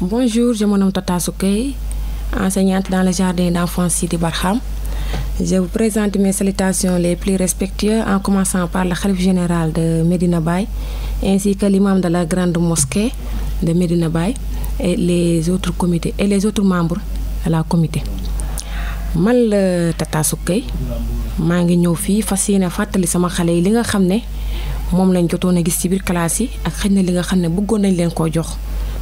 Bonjour, je m'appelle Tata Soukei, enseignante dans le jardin d'enfants Sidi Barham. Je vous présente mes salutations les plus respectueuses en commençant par le Khalif général de Medina Bay ainsi que l'imam de la grande mosquée de Medina Bay et les autres comités et les autres membres de la comité. Mal suis Tata Soukey je suis ñëw ici fas yéene sama xalé li nga xamné mom lañ jotoon qui gis ci biir classe yi ak li nga xamné ne jox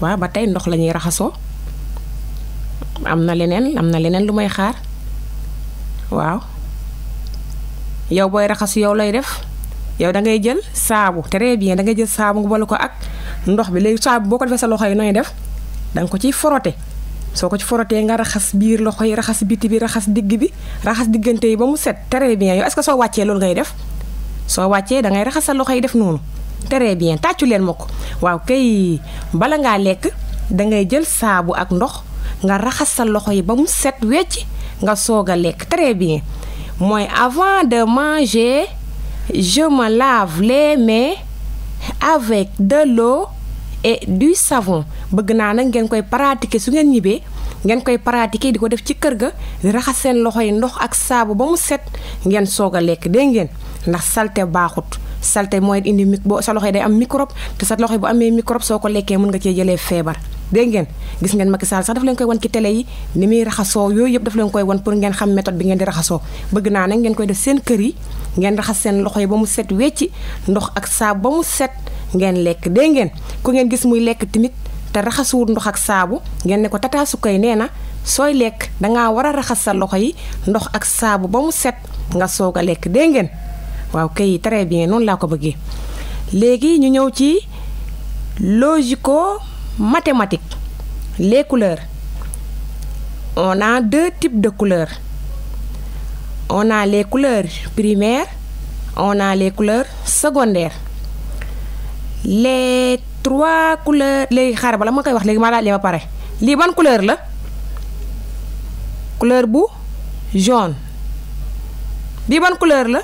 waaw ba tey ndox lañuy raxasoo am na leneen am na leneen lu may xaar waaw yow booy raxas yow lay def yow dangay jël saabu très bien da ngay jël saabu nga ko ak ndox bi léegi saabu boo ko defee sa loxo yi nooy def da nga ko ci forote soo ko ci forotee nga raxas biir loxo yi raxas biti bi raxas digg bi raxas diggante yi ba mu set très bien yow est que soo wàccee loolu ngay def soo wàccee dangay raxas sa loxo yi def noonu. très bien tàccu len ma waaw kay bala nga lek da ngay jël saabu ak ndox nga ba set wecc nga soga lek très bien moy avant de manger je me lave les mains avec de l'eau et du savon bëgg na nag ngeen koy pratiquer su ngeen ñibé ngeen koy pratiquer diko def ci kër ga di ak saabu ba set ngeen soga lek de ngeen ndax salte baaxut salte mooy indi mi boo sa loxo day am microbe te sa loxo bu amee microbe soo ko lekkee mën nga cee jëlee feebar dégg ngeen gis ngeen Macky Sall sax daf leen koy wan ci télé yi muy raxasoo yooyu yëpp daf koy wan pour ngeen xam méthode bi ngeen di naa nag ngeen koy def seen kër yi ngeen raxas seen loxo yi ba mu set wecci ndox ak saabu ba mu set ngeen lekk dégg ngeen ku ngeen gis muy lekk tamit te raxasuwul ndox ak saabu ngeen ne ko tataa su koy nee na sooy lekk dangaa war a raxas sa loxo yi ndox ak saabu ba mu nga soog a lekk dégg ngeen Ok, très bien noonu laa ko bëggee nous ñu ñëw ci logico mathématique les couleurs on a deux types de couleurs on a les couleurs primaires on a les couleurs secondaires les trois couleurs les xaar bala ma koy wax léegi ma li ma pare couleur la couleur jaune les ban couleurs la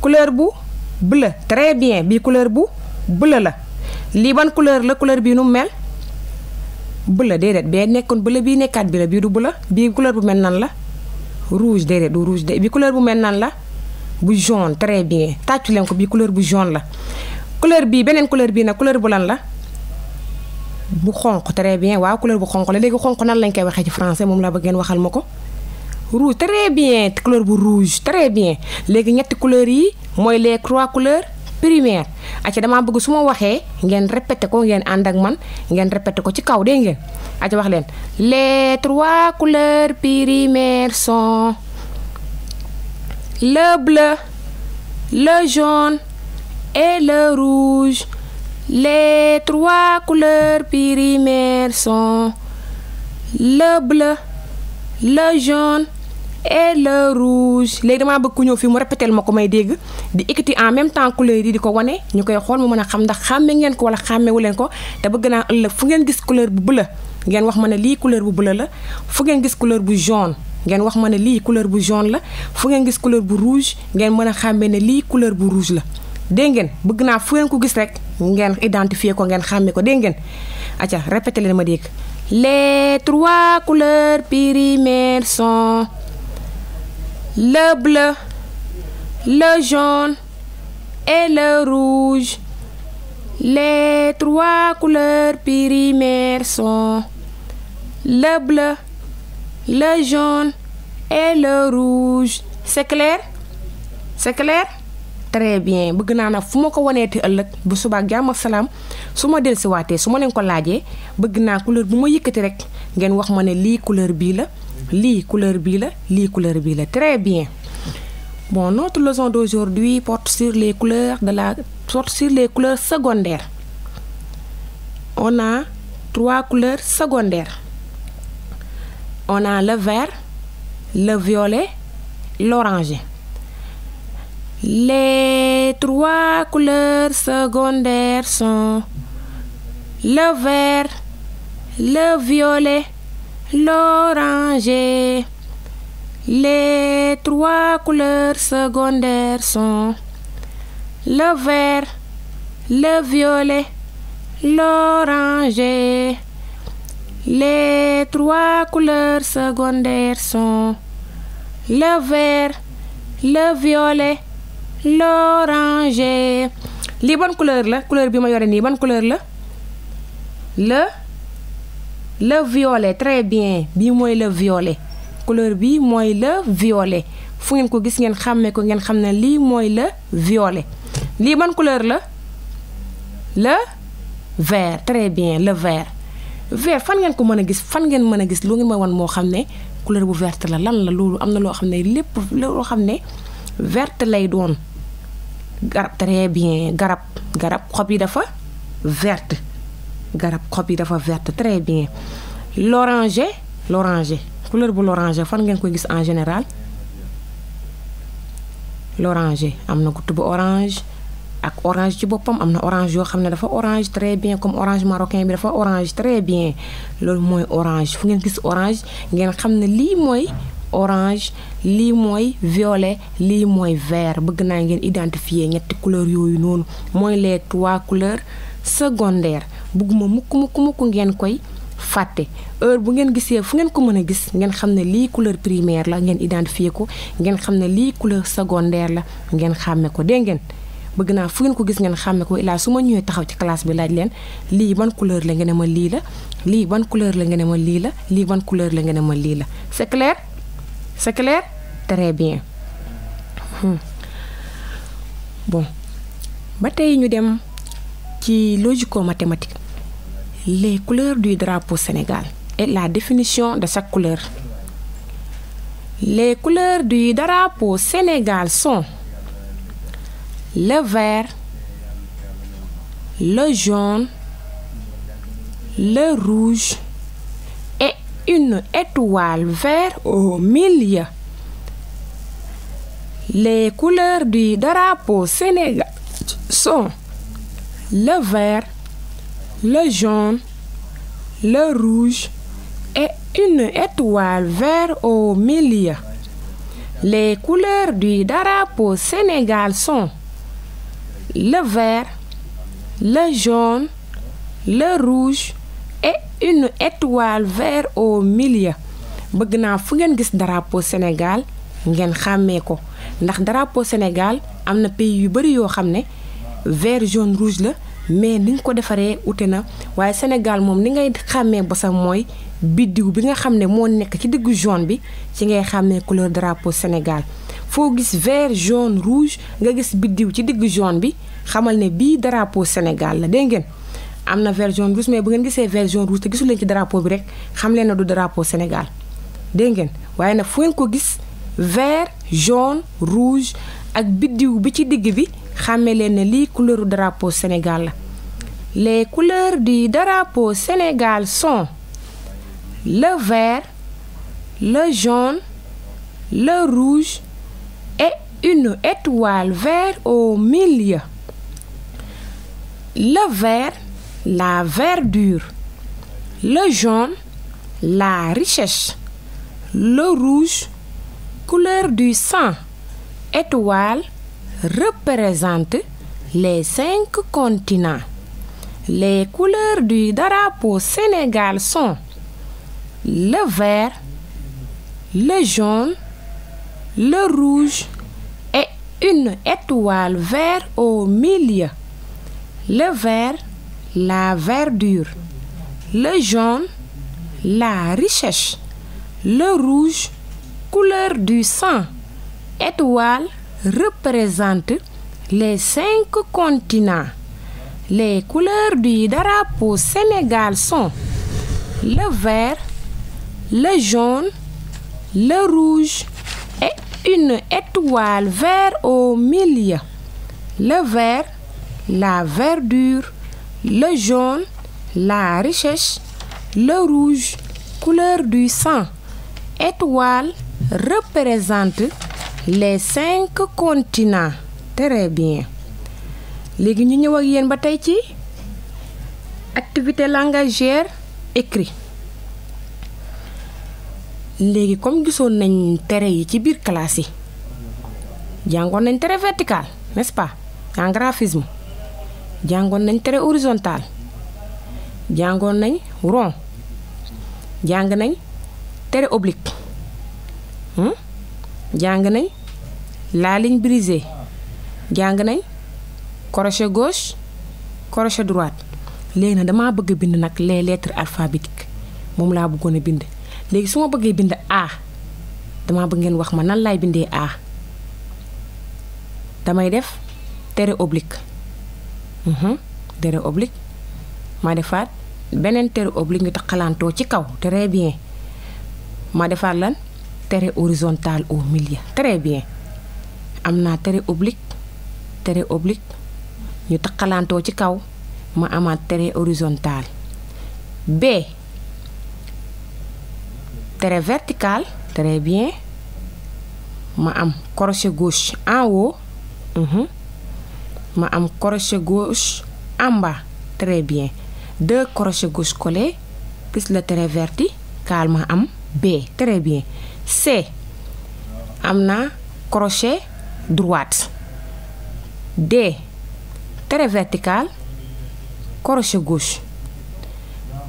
couleur bu bleu très bien bii couleur bu bleu la lii ban couleur la couleur bii nu mel bleu déedéet bee nekkoon bleu bii nekkaat bi la bii du bleu bii couleur bu mel nan la rouge déedéet du rouge de bii couleur bu mel nan la bu jaune très bien tàccu leen ko bi couleur bu jaune la couleur bii beneen couleur bi nag couleur bu lan la bu xonq très bien waaw couleur bu xonq la léegi xonq nan lañ koy waxee ci français moom laa bëggeen waxal ma ko rouge très bien couleur bu rouge très bien Les ñetti couleurs yi moy les trois couleurs primaires Je vais bëgg suma waxé waxee ngeen répété ko ngeen and ak man ngeen répéter ko ci kaw ngeen wax len les trois couleurs primaires sont le bleu le jaune et le rouge les trois couleurs primaires sont le bleu le jaune et le rouge léegi damaa bëgg ku ñëw fii mu répétel ma ko may dégg di ekkati en même temps couleur yi di ko wane ñu koy xool mu mën a xam ndax xàmme ngeen ko wala xàmmewu leen ko te bëgg naa fu ngeen gis couleur bu bleu ngeen wax ma ne lii couleur bu bleu la fu ngeen gis couleur bu jaune ngeen wax ma ne lii couleur bu jaune la fu ngeen gis couleur bu rouge ngeen mën a xàmme ne lii couleur bu rouge la dégg ngeen bëgg naa fu ngeen ko gis rek ngeen identifier ko ngeen xàmmee ko dégg ngeen acca répété leen ma dégg les trois couleurs primaires sont le bleu, le jaune et le rouge. Les trois couleurs primaires sont le bleu, le jaune et le rouge. C'est clair? C'est clair? très bien bëgg naa nag fu ma ko waneeti ëllëg bu subaak jàmm salaam su ma dellusiwaatee su ma leen ko laajee bëgg naa couleur bu ma yëkkati rek ngeen wax ma ne lii couleur bii la lii couleur bii la lii couleur bii la très bien bon notre leçon d'aujourd'hui porte sur les couleurs de la porte sur les couleurs secondaires on a trois couleurs secondaires ona a le vert le violet l'orange Les trois couleurs secondaires sont le vert, le violet, l'orange. Les trois couleurs secondaires sont le vert, le violet, l'orange. Les trois couleurs secondaires sont le vert, le violet, Lorange. li couleur la couleur bi ma yoré ni couleur le le violet très bien bi le violet couleur bi moy le violet fu ngeen ko gis ngeen xamé ko ngeen le violet. moy le violet li ban couleur la le vert très bien le vert vert fan ngeen ko meuna gis fan ngeen meuna gis ngeen couleur bu verte la lan la verte lay garab très bien garap garap copie yi dafa verte garap copie yi dafa verte très bien l'oranger l'oranger couleur bu l'orange fan ngeen koy en général l'orange am na bu orange ak orange ci boppam am na orange yoo xam orange très bien comme orange marocain bi dafa orange très bien loolu mooy orange fu ngeen gis orange ngeen xam ne lii orange lii mooy violet lii mooy vert bëgg naa ngeen identifier ñetti couleur yooyu noonu mooy les trois couleurs secondaires ma mukk mukk mukk ngeen koy fàtte heure bu ngeen gisee fu ngeen ko mën a gis ngeen xam ne lii couleur primaire la ngeen identifier ko ngeen xam ne lii couleur secondaire la ngeen xàmme ko dégg ngeen bëgg naa fu ngeen ko gis ngeen xàmme ko ilaa su ma ñëwee taxaw ci classe bi laaj leen lii ban couleur la ngeen ne ma lii la lii ban couleur la ngeen ne ma lii la lii ban couleur la ngeen ne ma lii la c'est C'est clair Très bien. Hmm. Bon. maintenant nous ñu qui logique mathématique les couleurs du drapeau Sénégal et la définition de sa couleur les couleurs du drapeau Sénégal sont le vert le jaune le rouge une étoile vert au milieu. Les couleurs du drapeau sénégal sont le vert, le jaune, le rouge et une étoile vert au milieu. Les couleurs du drapeau sénégal sont le vert, le jaune, le rouge une étoile vert au milieu bëgg naa fu ngeen gis drapeau Sénégal ngeen xàmmee ko ndax drapeau Sénégal am na pays yu bari yoo xam ne vert jaune rouge la mais ni nga ko defaree ute na waaye Sénégal moom ni ngay xàmmee bosam mooy biddiw bi nga xam ne moo nekk ci diggu jaune bi ci ngay xàmmee couleur drapeau Sénégal foo gis vert jaune rouge nga gis biddiw ci diggu jaune bi xamal ne bii drapeau Sénégal la dégg am na vert jaune rouge mais bu ngeen gisee vert jaune rouge te gisul leen ci drapeau bi rek xam leen du drapeau Sénégal dégg ngeen waaye nag fu ngeen ko gis vert jaune rouge ak biddiw bi ci digg bi xàmmee leen ne lii couleur drapeau Sénégal les couleurs du drapeau Sénégal sont le vert le jaune le rouge et une étoile verte au milieu le vert la verdure, le jaune, la richesse, le rouge, couleur du sang, étoile, représente les cinq continents. Les couleurs du drapeau sénégal sont le vert, le jaune, le rouge et une étoile verte au milieu. Le vert, la verdure, le jaune, la richesse, le rouge, couleur du sang. Étoile représente les cinq continents. Les couleurs du drapeau sénégal sont le vert, le jaune, le rouge et une étoile vert au milieu. Le vert, la verdure, le jaune, la richesse, le rouge, couleur du sang. Étoile représente les cinq continents. Très bien. Les ñu ñëw ak activité langagière écrit Les comme gisoon nañ tere yi ci biir classe yi vertical n'est-ce pas en graphisme jàngoon nañ trait horizontal jàngoon nañ ron jàng nañ trait oblique hmm? jàng nañ la ligne brisée jàng nañ crochet gauche crochet droite léegi na damaa bëgg bind nag les lettres alphabétiques moom laa bëggoon a bind léegi su ma bëggee bind A dama bëgg ngeen wax ma nan laay bindee A damay def trait oblique dere mhm. oblique ma defaat beneen tere oblique ñu taxalantoo ci kaw très bien ma defaat lan tere horizontal au milieu très bien am naa tere oblique tere oblique ñu taxalantoo ci kaw ma amaat tere horizontal b tere vertical très bien ma am crochet gauche en haut. Mhm. ma am crochet gauche en bas très bien deux crochets gauche collés plus le trait vertical am B très bien C Amna crochet droite D très vertical crochet gauche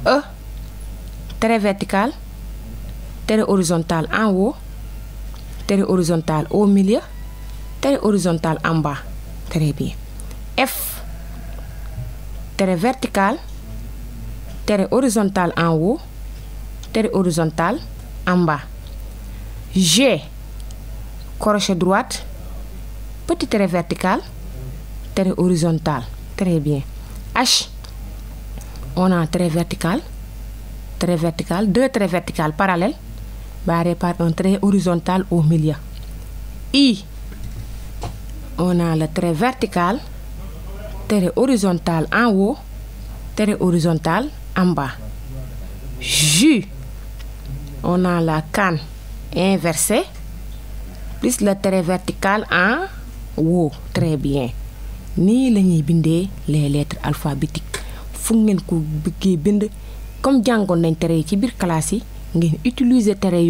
E trait vertical trait horizontal en haut trait horizontal au milieu trait horizontal en bas très bien F, trait vertical, trait horizontal en haut, trait horizontal en bas. G, crochet droite, petit trait vertical, trait horizontal. Très bien. H, on a un trait vertical, trait vertical, deux traits verticales parallèles, barré par un trait horizontal au milieu. I, on a le trait vertical, Terre horizontal en haut, terre horizontal en bas. Ju, on a la canne inversée, plus la terre vertical en haut. Très bien. Ni la les lettres alphabétiques fu ngeen ko comme jàngoon nañ tere yi ci biir classe yi ngeen utiliser tere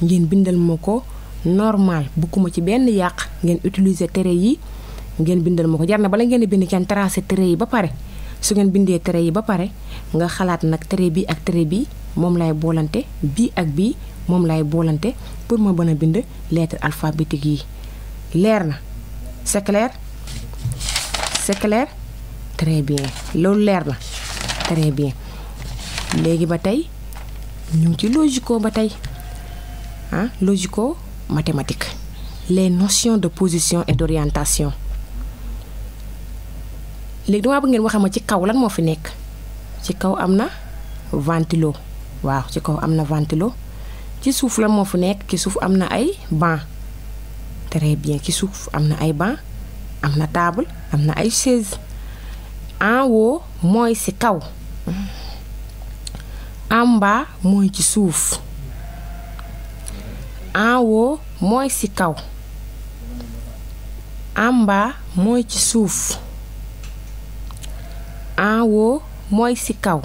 bindel moko normal bugguma ci benn yak. terre yi ngeen bindal ma ko jar na bala ngeen di bind kenn tracé trait yi ba pare su ngeen bindee trait yi ba pare nga xalaat nag trait bi ak trait bi moom lay boolante bii ak bi moom lay boolante pour ma mën a bind lettre alphabétique yi leer na c'est clair c'est clair très bien loolu leer na très bien léegi ba tey ñu ngi ci logico ba tey ah logico mathématique les notions de position et d'orientation léegi damaa bëgg ngeen waxee ma ci kaw lan moo fi nekk ci kaw am na ventilo waaw ci kaw am na ventilo ci suuf lan moo fi nekk ci suuf am na ay banc très bien ci suuf am na ay banc am na table am na ay chaise en haut mooy ci kaw en mooy ci suuf en mooy ci kaw en mooy ci suuf en mooy ci kaw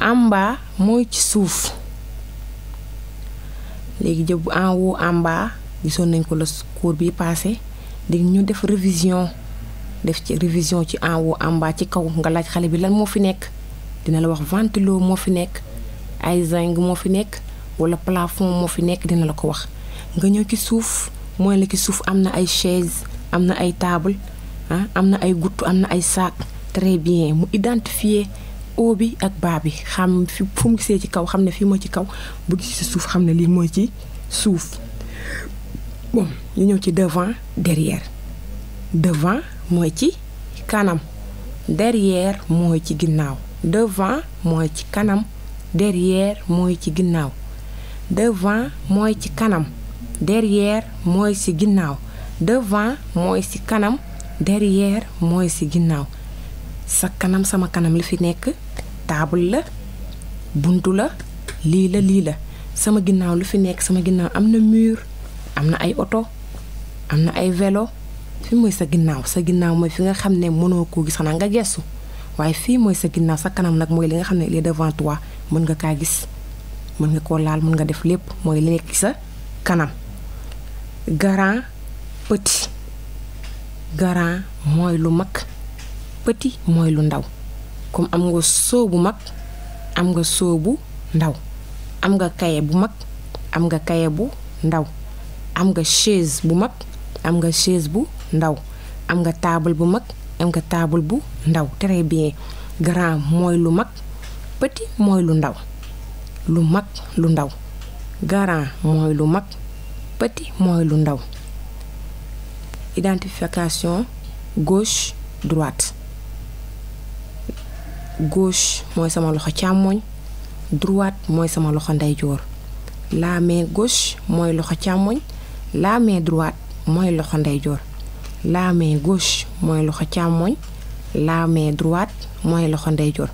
en mooy ci suuf léegi jëbu enwo haut en gisoon nañ ko la cours bi passé di ñu def révision def ci révision ci enwo haut en ci kaw nga laaj xale bi lan moo fi nekk dina la wax ventilo moo fi nekk ay zinc moo fi nekk wala plafond moo fi nekk dina la ko wax nga ñëw ci suuf mooy la ci suuf am na ay chaise am na ay table ah am na ay gutt am na ay saak très bien mu identifier o bi ak baa bi xam fi mu gisee ci kaw xam ne fii moo ci kaw bu gisee suuf xam ne lii mooy ci suuf bon ñu ñëw ci devant derrière devant mooy ci kanam derrière mooy ci ginnaaw devant mooy ci kanam derrière mooy ci ginnaaw devant mooy ci kanam derrière mooy ci ginnaaw devant mooy ci kanam derrière mooy si ginnaaw sa kanam sama kanam lu fi nekk taabul la bunt la lii la lii la sama ginnaaw lu fi nekk sama ginnaaw am na mur am na ay oto am na ay vélo fi mooy sa ginnaaw sa ginnaaw mooy fi nga xam ne mënoo koo gis xanaa nga gestu waaye fii mooy sa ginnaaw sa kanam nag mooy li nga xam ne il est devant toi mën nga kaa gis mën nga koo laal mën nga def lépp mooy li sa kanam grand petit garan mooy lu mag pëti mooy lu ndaw comme am nga soow bu mag am nga soo bu ndaw am nga kaye bu mag am nga kaye bu ndaw am nga chaise bu mag am nga chaise bu ndaw am nga table bu mag am nga table bu ndaw très bien grand mooy lu mag petit mooy lu ndaw lu mag lu ndaw garan mooy lu mag petit mooy lu ndaw identification gauche droite gauche moy sama loxo càmmoñ droite moy sama loxo ndayjor la main gauche moy loxo càmmoñ la main droite moy loxo ndayjor la main gauche moy loxo càmmoñ la main droite moy loxo ndayjor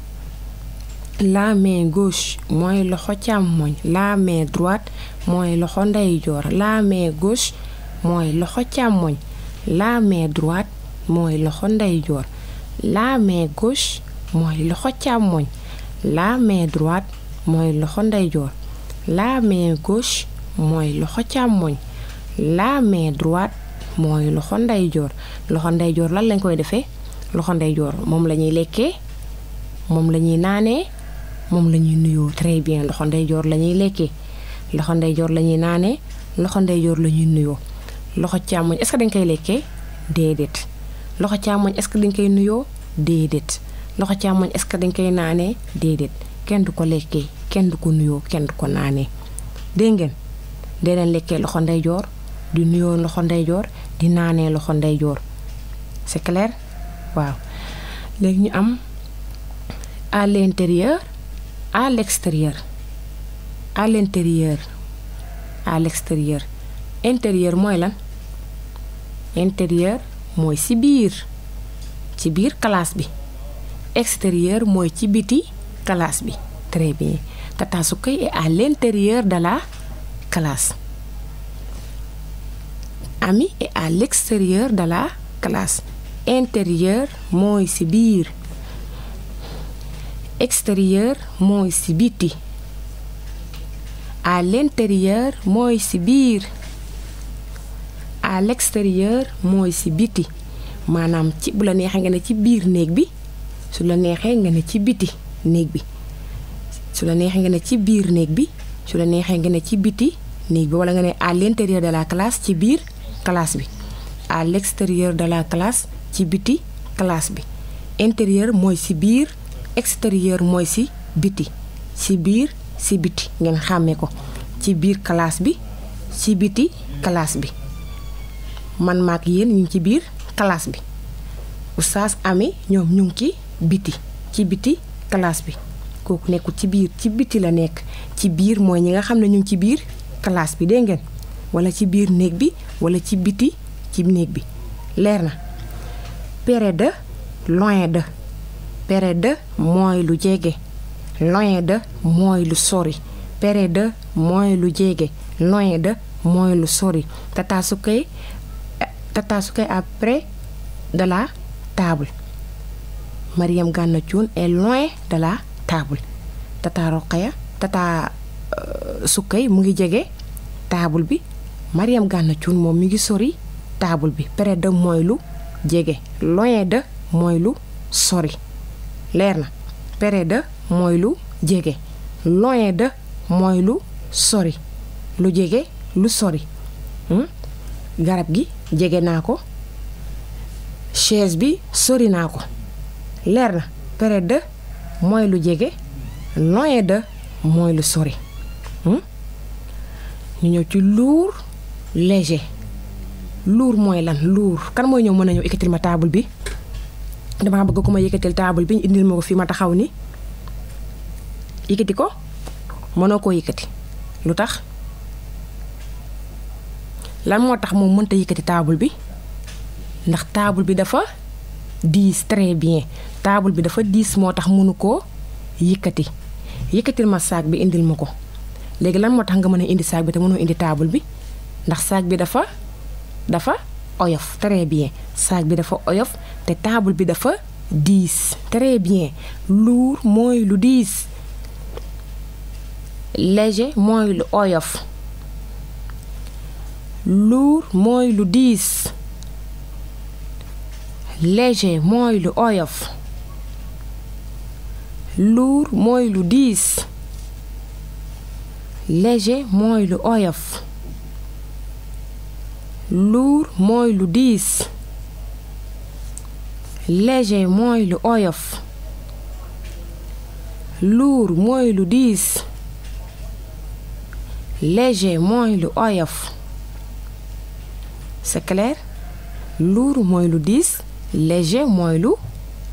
la main gauche moy loxo càmmoñ la main droite moy loxo ndeyjoor la main gauche mooy loxo la main droite mooy loxo ndeyjoor la main gauche mooy loxo càmmoñ la main droite mooy loxo ndeyjoor la main gauche mooy loxo càmmoñ la main droite mooy loxo ndeyjoor loxo ndeyjoor lan lañ koy defee loxo ndeyjoor moom la ñuy lekkee moom la ñuy naanee moom la ñuy nuyoo très bien loxo ndeyjoor la ñuy lekkee loxo ndeyjoor la ñuy naanee loxo ndeyjoor la ñuy nuyoo. loxo càmmoñ est dañ koy lekkee déedéet loxo càmmoñ est-ce que dañ koy nuyoo déedéet loxo càmmoñ est-ce que dañ koy naanee déedéet kenn du ko lekkee kenn du ko nuyoo kenn du ko naanee dégg ngeen dee leen lekkee loxo ndeyjoor di nuyoo loxo ndeyjoor di naanee loxo ndeyjoor c'est waaw léegi ñu am à l'intérieur à l'extérieur à l'intérieur à l'extérieur intérieur mooy lan intérieur mooy ci biir ci biir classe bi extérieur mooy ci biti classe bi très bien Tata Soukeye est à l'intérieur de la classe Ami est à l'extérieur de la classe intérieur mooy ci biir extérieur mooy ci biti à l'intérieur mooy ci biir à l'extérieur moy ci biti manam ci bu la nexé nga negbi, ci biir néeg bi su la nexé nga ne ci biti néeg bi su la nexé nga ci biir néeg bi su la nexé nga ci biti néeg bi wala nga né à l'intérieur de la classe ci biir classe bi à l'extérieur de la classe ci biti classe bi intérieur moy ci biir extérieur moy ci biti ci biir ci biti ngeen xamé ko ci biir classe bi ci biti classe bi man mak yeen ñu ci biir classe bi oustaz ami ñom ñu ngi biti ci biti classe bi koku nekkul ci biir ci biti la nek ci biir moy ñi nga xamne ñu ci biir classe bi de ngeen wala ci biir bi wala ci biti ci bi leer na pere de loin de pere de moy lu jégué loin de moy lu sori pere de moy lu jégué loin de moy lu sori tata sukay Tatasuke après de la table. Mariam gana est loin de la table. Tata roqaya Tata euh, Sukay mu ngi jégué table bi. Mariam gana mom mi ngi sori table bi près de moylu lu jégué, loin de moylu sori. Lerna. près de moylu lu jégué, loin de moylu sori. Lu jégué, lu sori. Hmm? garab gi jege naa ko chaise bi sori naa ko leer na près de mooy lu jege loin de mooy lu sori hmm? ñu ñëw ci lourd léger lourd mooy lan lourd kan mooy ñëw mën a ñëw yëkkatil ma table bi damaa bëgg ku ma yëkkatil table bi ñu indil ma ko fi ma taxaw ni yëkkati ko mënoo koo yëkkati lu tax lan moo tax moom mënta yëkkati taabul bi ndax taabul bi dafa diis très bien taabul bi dafa diis moo tax mënu koo yëkkati yëkkatil ma saag bi indil ma ko léegi lan moo tax nga mën a indi saag bi te mënoo indi taabul bi ndax saag bi dafa dafa oyof très bien saag bi dafa oyof te taabul bi dafa diis très bien lourd mooy lu diis léger mooy lu oyof luur mooy lu diis léger mooy lu oyof luur mooy lu diis léger mooy lu oyof luur mooy lu diis léger mooy lu oyof luur mooy lu diis léger mooy lu oyof c'est clair lourd mooy lu diis léger mooy lu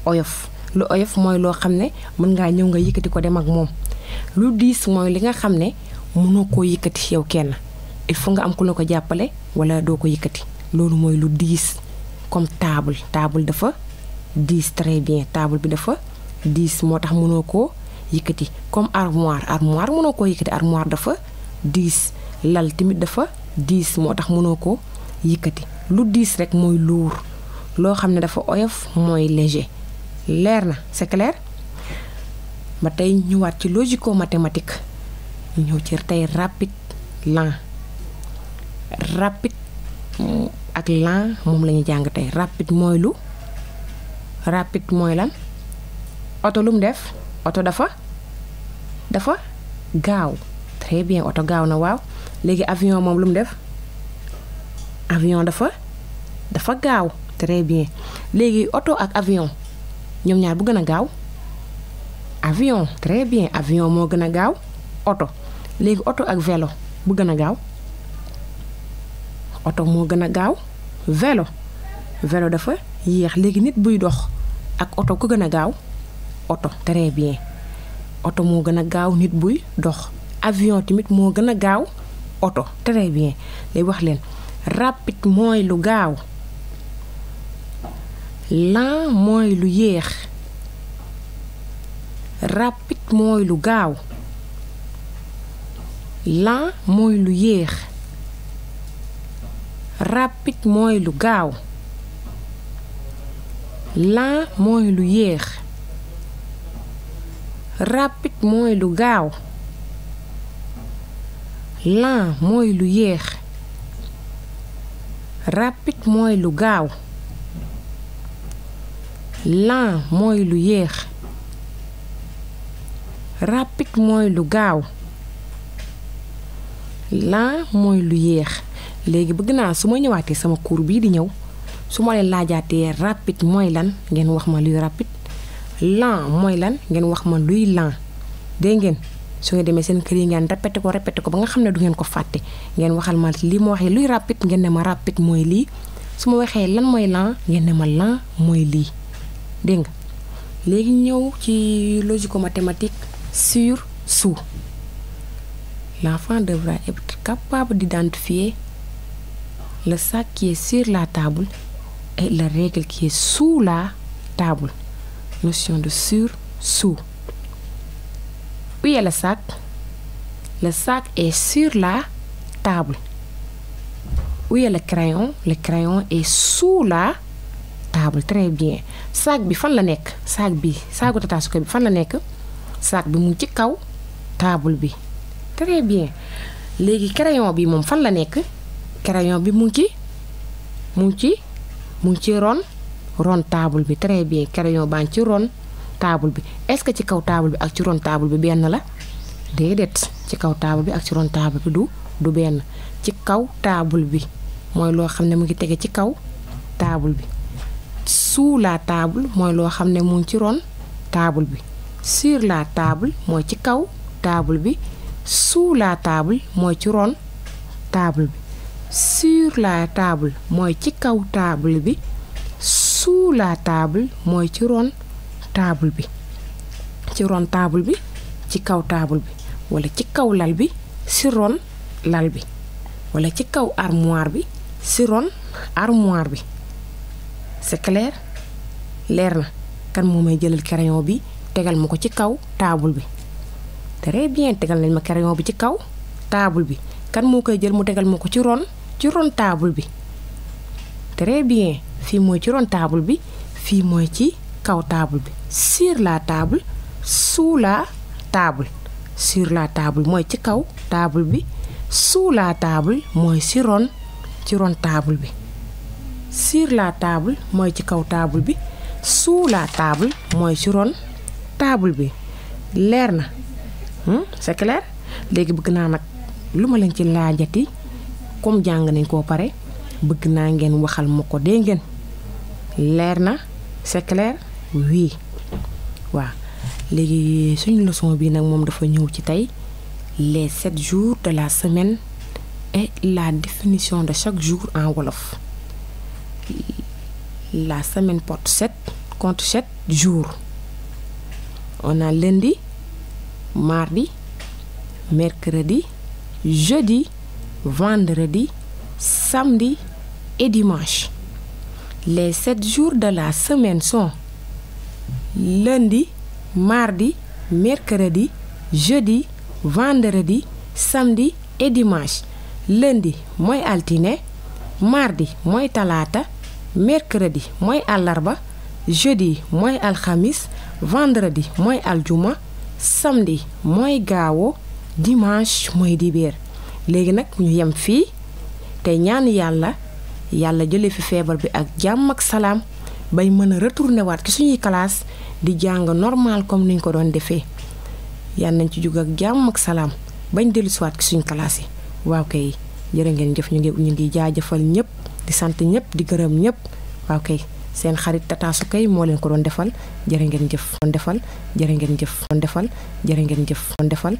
oyof lu oyof mooy loo xam ne mën ngaa ñëw nga yëkkati ko dem ak moom lu diis mooy li nga xam ne mënoo koo yëkkati yow kenn il faut nga am ku la ko jàppale wala doo ko yëkkati loolu mooy lu diis comme table table dafa diis très bien table bi dafa diis moo tax mënoo koo yëkkati comme armoire armoire mënoo koo yëkkati armoire dafa diis lal tamit dafa diis moo tax mënoo ko yëkkati lu diis rek mooy luur loo xam ne dafa oyof mooy léger leer na c'est clair ba tey ñëwaat ci logico mathématique ñëw ci tey rapide lent rapide ak lent moom la ñuy jàng tey rapide mooy lu rapide mooy lan oto lu def oto dafa dafa gaaw très bien oto gaaw na waaw léegi avion moom lu def avion dafa dafa gaaw très bien léegi oto ak avion ñoom ñaar bu gën a gaaw avion très bien avion moo gën a gaaw oto léegi oto ak velo bu gën a gaaw oto moo gën a gaaw vélo vélo dafa yéex léegi nit buy dox ak oto ku gën a gaaw oto très bien oto moo gën a gaaw nit buy dox avion tamit moo gën a gaaw oto très bien lay wax leen rapide moy lu gaaw lent moy lu yeex rapide moy lu gaaw lent moy lu yeex rapide moy lu gaaw lent moy lu yeex rapide moy lu gaaw lent moy lu yeex rapide mooy lu gaaw lent mooy lu yéex rapide mooy lu gaaw lent mooy lu yéex léegi bëgg naa su ma ñëwaatee sama cours bii di ñëw su ma leen laajaatee rapide mooy lan ngeen wax ma luy rapide lent mooy lan ngeen wax ma luy lent dégg ngeen su ngeen demee seen kër yi ngeen répété ko répété ko ba nga xam ne du ngeen ko fàtte ngeen waxal ma li ma waxee luy rapide ngeen ne ma rapide mooy lii su ma waxee lan mooy lan ngeen ne ma lan mooy lii dégg nga léegi ñëw ci logico mathématique sur sous l'enfant devra être capable d'identifier le sac qui est sur la table et la règle qui est sous la table notion de sur sous où est le sac Le sac est sur la table. Où est le crayon Le crayon est sous la table. Très bien. Sac bi fan la nek Sac bi, ou tata suka bi fan la nek Sac bi mu kaw table bi. Très bien. Légi crayon bi mom fan la nek Crayon bi mu ci mu ron ron table bi. Très bien. Crayon ban ron taabul bi est-ce que ci kaw taabul bi ak ci ron taabul bi benn la déedéet ci kaw taabul bi ak ci ron du du benn ci kaw taabul bi mooy loo xam ne mu ngi tege ci kaw taabul bi sous laa taabul mooy loo xam ne mu ngi ci ron taabul bi sur la table mooy ci kaw taabul bi sous la mooy ci ron taabul bi sur la table mooy ci kaw taabul bi sous la table mooy ci ron taabul bi ci ron taabul bi ci kaw taabul bi walla ci kaw lal bi si ron lal bi walla ci kaw armoire bi si ron armoire bi c'est clair leer na kan moo may jëlal crayon bi tegal ma ko ci kaw taabul bi très bien tegal nañ ma crayon bi ci kaw taabul bi kan moo koy jël mu tegal ma ko ci ron ci ron taabul bi très bien fii mooy ci ron taabul bi fii mooy ci kaw taabul bi sur la table sous la mooy ci kaw table bi sous la mooy ci ron ci ron table bi sur la table mooy ci kaw taabul bi suulaa la mooy ci ron table bi leer na hmm? c'est léegi bëgg naa nag lu ma leen ci laajati comme jàng nañ koo pare bëgg naa ngeen waxal ma ko dégg ngeen leer na c'est clair les sept jours de la semaine Est la définition de chaque jour en wolof la semaine porte 7 compte sept jours on a lundi mardi mercredi jeudi vendredi samedi et dimanche les sept jours de la semaine sont lundi mardi mercredi jeudi vendredi samedi et dimanche lundi mooy altine mardi mooy talaata mercredi mooy àllarba jeudi mooy alxamis vendredi mooy aljuma samedi mooy gaawo dimanche mooy dibeer léegi nag ñu yem fii te ñaan yàlla yàlla jële fi feebar bi ak jàmm ak salaam bay mën a retourné waat ci suñuy classe di jàng normal comme niñ ko doon defee yal nañ ci jug ak jàmm ak salaam bañ dellusiwaat ci suñu classe yi waaw kay jërë ngeen jëf ñu ngi ñu ngi jaajëfal ñëpp di sant ñëpp di gërëm ñëpp waaw kay seen xarit Tata Soukeye moo leen ko doon defal jërë ngeen jëf doon defal jërë ngeen jëf doon defal jërë ngeen jëf defal